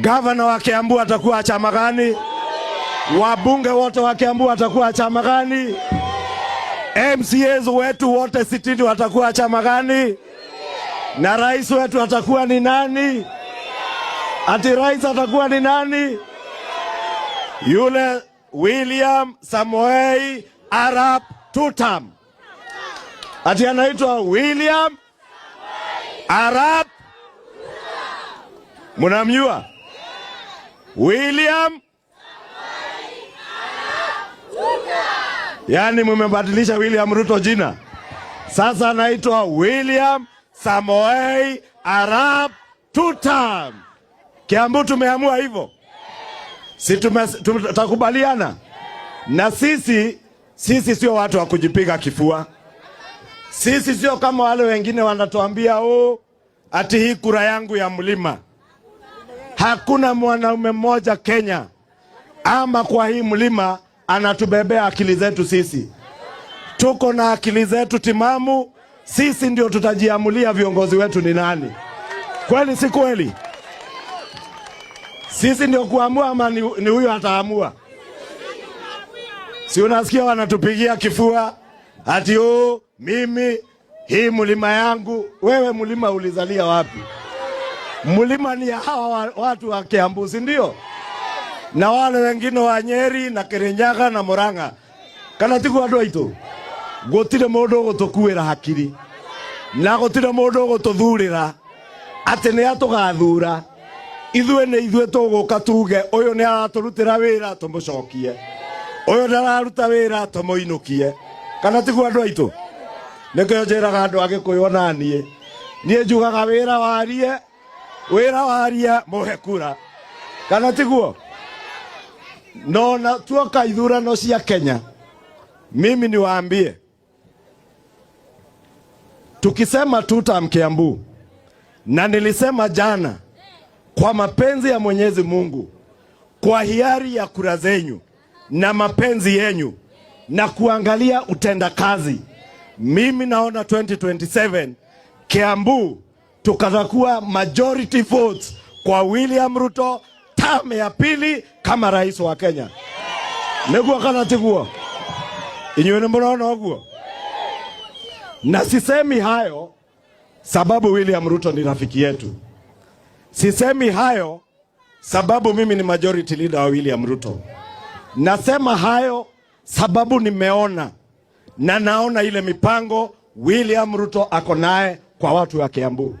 Gavana wa Kiambu atakuwa chama gani? Wabunge wote wa Kiambu watakuwa chama gani? MCAs wetu wote sitini watakuwa chama gani? Na rais wetu atakuwa ni nani? Ati rais atakuwa ni nani? Yule William Samoei Arap Tutam. Ati anaitwa William Arap. Munamjua? William Yaani mumebadilisha William Ruto jina. Sasa anaitwa William Samoei Arap Tutam. Kiambu tumeamua hivyo. Si tutakubaliana? Na sisi sisi sio watu wa kujipiga kifua. Sisi sio kama wale wengine wanatuambia, oh, ati hii kura yangu ya mlima. Hakuna mwanaume mmoja Kenya ama kwa hii mlima anatubebea akili zetu sisi. Tuko na akili zetu timamu, sisi ndio tutajiamulia viongozi wetu ni nani. Kweli si kweli? Sisi ndio kuamua ama ni, ni huyo ataamua? Si unasikia wanatupigia kifua ati oh, mimi hii mlima yangu. Wewe mlima ulizalia wapi? Mlima ni ya hawa watu wa Kiambu, si ndio? Na wale wengine wa Nyeri na Kirinyaga na Murang'a kana tigu andu aitu gutire mundu ugutukuira hakiri na gutire mundu ugututhurira ati ni atugathura ithue ni ithue tuguka tuge uyu ni araturutira wira tumucokie uyu ni araruta wira tumuinukie kana tigu andu aitu nikio njiraga andu agikuyu nanie nie njugaga wira warie wira waria muhe kura kana tiguo no na tuoka ithurano cia Kenya mimi niwaambie tukisema tutam Kiambu na nilisema jana kwa mapenzi ya Mwenyezi Mungu kwa hiari ya kura zenyu na mapenzi yenyu na kuangalia utendakazi, mimi naona 2027 Kiambu tukatakuwa majority votes kwa William Ruto tame ya pili kama rais wa Kenya niguo kana tiguo inyuĩ nĩ mũrona ũguo na sisemi hayo sababu William Ruto ni rafiki yetu sisemi hayo sababu mimi ni majority leader wa William Ruto nasema hayo sababu nimeona na naona ile mipango William Ruto ako naye kwa watu wa Kiambu.